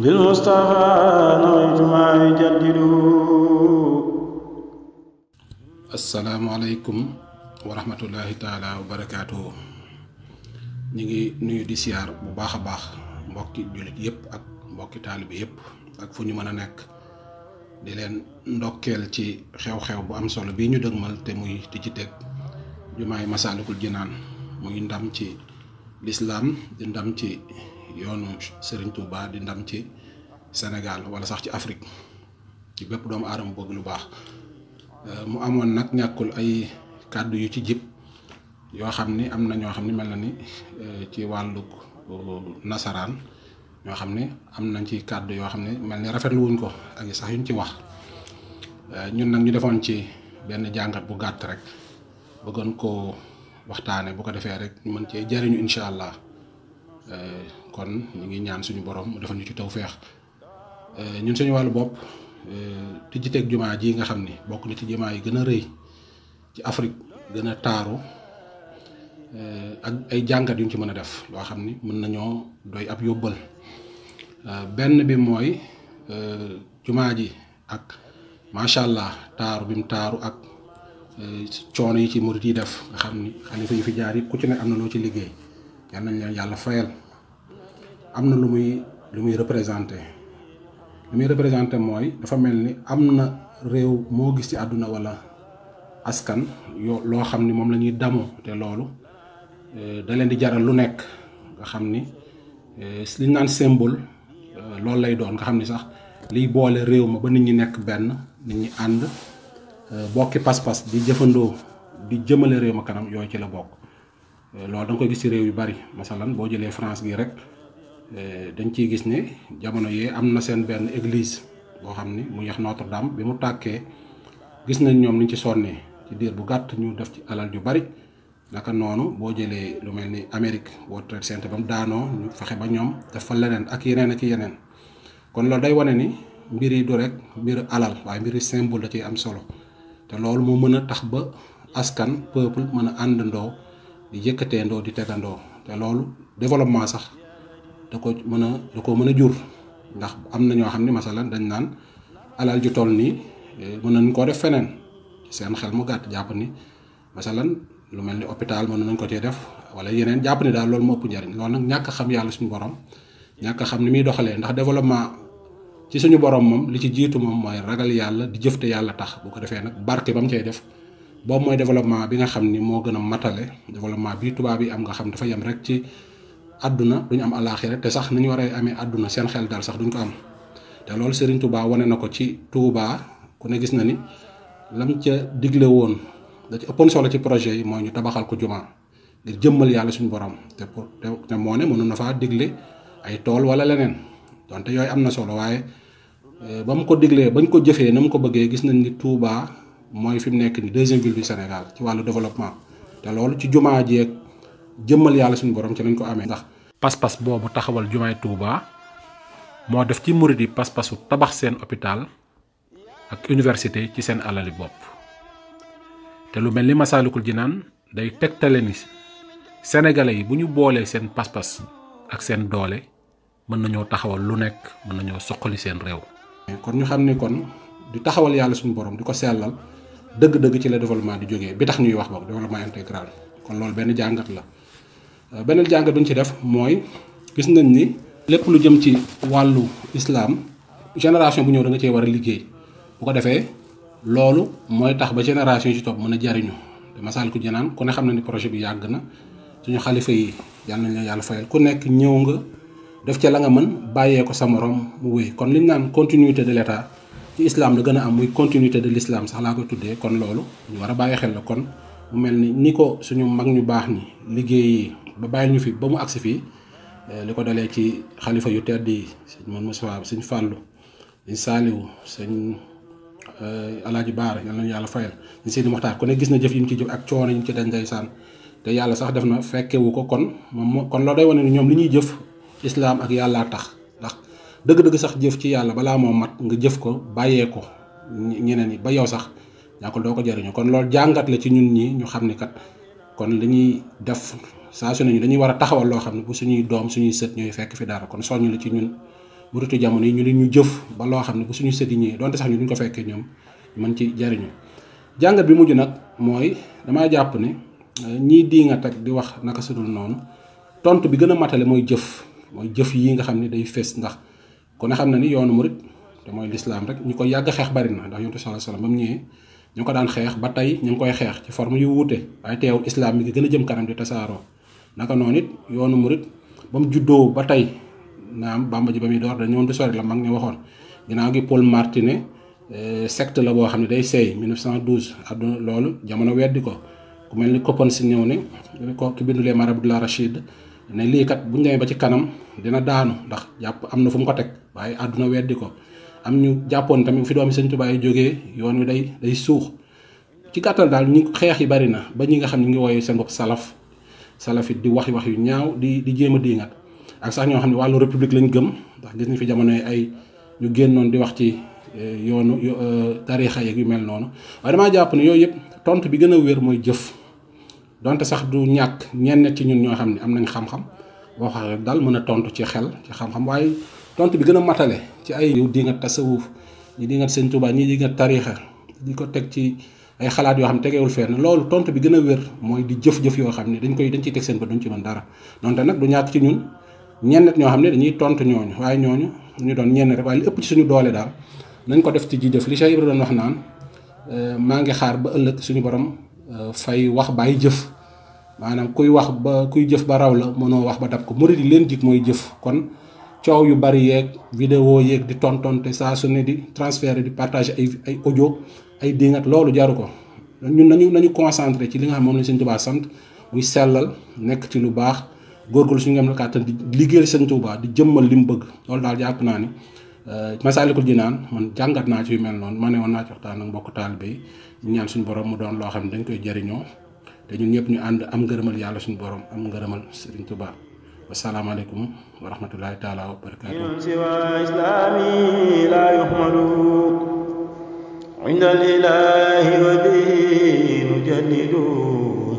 للمصطفى نويت ما يجدد السلام عليكم ورحمة الله تعالى وبركاته ñu ngi nuyu di siyaar bu baax a baax mbokki jullit yépp ak mbokki taalibe yépp ak fu ñu mën a nekk di leen ndokkeel ci xew-xew bu am solo bii ñu dëgmal te muy di ci teg jumaay Masaalikul Jinaan muy ndam ci lislaam di ndam ci yoonu Serigne Touba di ndam ci Sénégal wala sax ci Afrique ci bépp doomu aadama bëgg lu baax euh, mu amoon nag ñàkkul ay kàddu yu ci jib yoo xam ni am na ñoo xam ne mel na ni euh, ci wàllug euh, nasaraan ñoo xam ne am nañ ci kàdd yoo xam ne mel ni rafetlu wuñ ko ak yi sax yuñ ci wax ñun nag ñu defoon ci benn jàngat bu gàtt rek bëggoon koo waxtaanee bu ko defee rek mën cee jariñu incha allah Euh, kon ñu ngi ñaan suñu borom mu defal ñu ci tawféex euh, ñun suñu wàllu bopp tijjiteeg euh, jumaa ji nga xam ni bokk na ci jumaa yi gën a rëy ci Afrique gën a taaru ak ay jàngat yu ñu ci mën a def loo xam ni mën nañoo doy ab yóbbal benn bi mooy jumaa ji ak macha allah taaru bi mu taaru ak coono yi ci murit yi def nga xam ni xalifa yi fi jaar yi ku ci ne am na loo ci liggéey. yal nañ leen yàlla fayal am na lu muy lu muy représenté lu muy représenté mooy dafa mel ni am na réew moo gis ci àdduna wala askan yoo loo xam ni moom lañuy ñuy te loolu eh, da leen di jaral lu nekk nga xam ni eh, li ñu naan symbole eh, loolu lay doon nga xam ni sax liy boole réew ma ba nit ñi nekk benn nit ñi ànd bokki pas-pas di jëfandoo di jëmale réew ma kanam yooyu ci la bokk Euh, loolu da nga koy gis ci réew yu bari masalan boo jëlee France gi rek euh, dañ ciy gis ni jamono yee am na seen benn église boo xam ni mu yax Notre Dame bi mu tàkkee gis nañ ñoom niñ ci sonnee ci diir bu gàtt ñu def ci alal yu bari naka noonu boo jëlee lu mel ni Amérique World Trade Center ba mu daanoo fexe ba ñoom def leneen ak yeneen ak yeneen kon loolu day wane ni mbir yi du rek mbir alal waaye mbiri symbole da ciy am solo te loolu moo mën a tax ba askan peuple mën a àndandoo. di yëkkateendoo di tegandoo te loolu développement sax da ko mën a da ko mën a jur ndax am na ñoo xam ne masalan dañ naan alal ju toll nii eh, mën nañ koo def feneen seen xel mu gàtt jàpp ni masalan lu mel ni hôpital mën nañ ko cee def wala yeneen jàpp ni daal loolu moo ëpp njariñ loolu nag ñàkk xam yàlla suñu borom ñàkk xam ni muy doxalee ndax développement ci suñu borom moom li ci jiitu moom mooy ragal yàlla di jëfte yàlla tax bu ko defee nag barke ba mu cay def boobu mooy développement bi nga xam ni moo gën a matale développement bi tubaab yi am nga xam dafa yem rek ci àdduna duñu am alaaxira te sax ni ñu war a amee àdduna seen xel daal sax duñ ko am te loolu Serigne tubaa wane na ko ci Touba ku ne gis na ni lam ca digle woon da ca ëppoon solo ci projet yi moo ñu tabaxal ko jumaa ngir jëmmal yàlla suñu borom te pour te moo ne mënu na faa digle ay tool wala leneen donte yooyu am na solo waaye eh, ba mu ko diglee bañ ko jëfee na mu ko bëggee gis nañ ni Touba. mooy fi mu nekk ni deuxième ville du Sénégal ci wàllu développement te loolu ci jumaa ji ak jëmmal yàlla suñu borom ci lañ ko amee ndax pas-pas boobu taxawal jumaay Touba moo def ci murid yi pas-pasu tabax seen hôpital ak université ci seen alali bopp te lu mel ni Masaalikul Jinaan day tegtale ni sénégalais yi bu ñu boolee seen pas-pas ak seen doole mën nañoo taxawal lu nekk mën nañoo soqali seen réew kon ñu xam ne kon di taxawal yàlla suñu borom di ko sellal dëgg-dëgg ci la développement di jógee bi tax ñuy wax boog développement intégral kon loolu benn jàngat la euh, beneen jàngat bu ci def mooy gis nañ ni lépp lu jëm ci wàllu islaam génération bu ñëw da nga cee war a liggéey bu ko defee loolu mooy tax ba génération yi ci topp mën a jariñu te masal ku janaan ku ne xam na ni projet bi yàgg na ci ñu xalifa yi yàlla nañ la yàlla fayal ku nekk ñëw nga def ca la nga mën bàyyee ko sa morom mu wéy kon liñ naan continuité de l' ci islaam la gën a am muy continuité de l'islam sax laa ko tuddee kon loolu ñu war a bàyyi xel la kon mu mel ni ni ko suñu mag ñu baax ni liggéey ba bàyyi ñu fi ba mu agsi fii eh, li ko dalee ci xalifa yu tedd yi sëñ man Moussa sëñ Fallou sëñ Saliou sëñ eh, Alaaji Baara yal nañu yàlla fayal sëñ Sidi Moxtaar ku ne gis na jëf yi ñu ci jëf ak coono yi ñu ci dañ ndeysaan te yàlla sax def na fekkewu ko kon moom kon loolu day wane ni ñoom li ñuy jëf islaam ak yàllaa tax dëgg-dëgg sax jëf ci yàlla balaa moo mat nga jëf ko bàyyee ko ñeneen yi ba yow sax ñàkkul doo ko jariñu kon loolu jàngat la ci ñun ñi ñu xam ne kat kon li def saa su ne ñu dañuy war a taxawal loo xam ne bu suñuy doom suñuy sët ñooy fekk fi dara kon soññu la ci ñun bu rutu jamono yi ñu li ñu jëf ba loo xam ne bu suñuy sët yi donte sax ñu ko fekkee ñoom mën ci jariñu jàngat bi mujj nag mooy damaa jàpp ne euh, ñii di nga teg di wax naka sudul noonu tontu bi gën a matale mooy jëf mooy jëf yi nga xam ne day fees ndax kon ne xam na ni yoonu murit te mooy lislaam rek ñu ko yàgg xeex bari na ndax yonent sallallahu alayhi wasallam ba ñu ko daan xeex ba tey ñu ngi koy xeex ci forme yu wuute waaye teewul islam bi gën a jëm kanam di tasaaroo naka noonu it yoonu murit ba mu juddoo ba tey naam bàmba ji ba muy door dañu woon di sori la mag ñu waxoon ginnaaw gi Paul Martinet eh, secte la boo xam ne day seey 1912 àdduna loolu jamono weddi ko ku mel ni si ñëw ne ko ki bindulee Marabout la Rachid ne lii kat bu ñu demee ba ci kanam dina daanu ndax jàpp am na fu mu ko teg waaye àdduna weddi ko am ñu jàppoon tamit fi doom Sëñ Tuubaa yi jógee yoon wi day day suux ci gàttal daal ñu xeex yi bari na ba ñi nga xam ñu ngi woowee seen bopp salaf salafit di wax wax yu ñaaw di di jéem a diingat ak sax ñoo xam ne wàllu république lañ gëm ndax gis nañ fi jamono ay ñu génn génnoon di wax ci eh, yoonu euh, tariixa yeeg yu mel noonu waaye damaa jàpp ne yooyu yëpp tontu bi gën a wér mooy jëf. donte sax du ñàkk ñenn ci ñun ñoo xam ne am nañ xam-xam boo xam ne daal mën a tontu ci xel ci waaye tontu bi gën a matale ci ay. yow di nga tasawuf ñi di nga sëñ Tuubaa ñi di nga tariixa di ko teg ci ay xalaat yoo xam ne tegewul fenn loolu tontu bi gën a wér mooy di jëf-jëf yoo xam ne dañ koy dañ ciy teg seen ba duñ ci mën dara donte nag du ñàkk ci ñun ñenn ñoo xam ne dañuy tontu ñooñu waaye ñooñu ñu doon ñenn rek waaye ëpp ci suñu doole daal nañ ko def ci ji jëf li Cheikh Ibra doon wax naan maa ngi xaar ba ëllëg suñu borom euh, fay wax bàyyi jëf maanaam kuy wax ba kuy jëf ba raw la mënoo wax ba dab ko murid yi leen jig mooy jëf kon coow yu bari yeeg vidéo yeeg di tontonte saa su ne di transférer di partage ay ay audio ay dingat loolu jaru ko ñun nañu nañu concentré ci li nga xam moom lañ Sëñ Tuubaa sant muy sellal nekk ci lu baax góorgóorlu suñu ngam la kàttan di liggéeyal Sëñ Tuubaa di jëmmal li mu bëgg loolu daal jàpp naa ni euh, Masaalikul naan man jàngat naa ci yu mel noonu ma ne woon naa ci waxtaan ak mbokk taalibe yi ñaan suñu borom mu doon loo xam ne dañ koy jariñoo te ñun ñu ànd am ngërëmal yàlla suñu borom am ngërëmal Serigne Touba wasalaamaaleykum wa rahmatulahi taala wa barakaatu siwa islami la yuhmadu عند الإله وبه نجلد